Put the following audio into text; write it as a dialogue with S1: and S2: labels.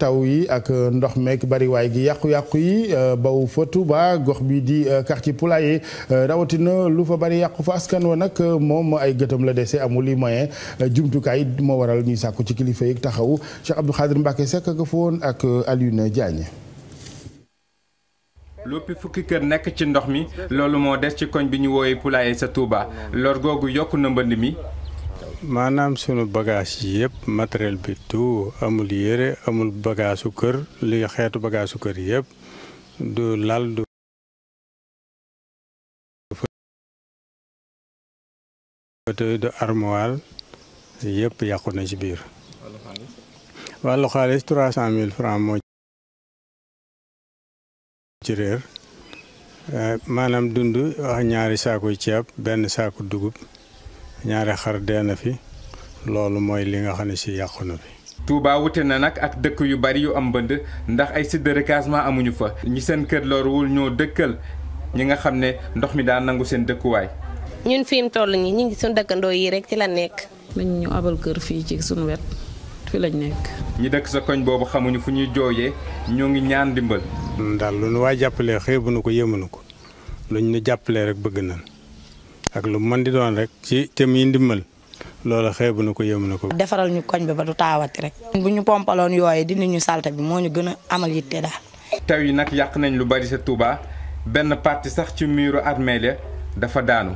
S1: taw yi ak euh, ndox meek bariwaay gi yàqu-yàqu yi euh, baw fa Touba gox bi di kax euh, quartier Poulailler rawatina lu fa bari yàqu fa askan wa nag moom ay gëtam la dese amul i moyen jumtukaay moo waral ñuy sàkku ci kilifa yi taxawu Cheikh Abdou Khadir Mbacke Seck ka fa ak Alioune Diagne.
S2: loppi fukki kër nekk ci ndox mi loolu moo des ci koñ bi ñu wooyee Poulailler sa Touba lor googu yokku na mbënd mi.
S3: maanaam sunu bagaas yépp yëpp matériel bi tout amul yére amul bagage kër li xeetu bagaasu kër yépp du lal du fauteuil yépp armoire na ci biir wàllu xaalis trois cent mille francs moo ci réer eh, maanaam dund ah, ñaari saaku ceeb benn saaku dugub ñaari xar dee na fi loolu mooy li nga xam ne si yàqu na fi.
S2: wute na nag ak dëkk yu bari yu am mbënd ndax ay sites de amuñu fa ñi seen kër looruwul ñoo dëkkal ñi nga xam ne ndox mi daan nangu seen dëkkuwaay.
S1: ñun fi mu toll nii ñu ngi suñu dëkkandoo yi rek ci la nekk. dañ ñu abal kër fii ci suñu wet fi lañ nekk.
S2: ñi dëkk sa koñ boobu xamuñu fu ñuy jooyee ñoo ngi ñaan dimbal.
S3: daal lu nu waay jàppalee xeebu nu ko yéemu nu ko luñ nu jàppalee rek bëgg nañ. ak lu mën di doon rek ci te muy ndimbal loola xeebu na ko yéemu na ko.
S1: defaral ñu koñ bi ba du taawati rek. bu ñu pompaloon yooyu dindi ñu salte bi moo ñu gën a amal yitte daal.
S2: taw yi nag yàq nañ lu bari sa Touba benn
S3: parti sax ci miiru armée la dafa daanu.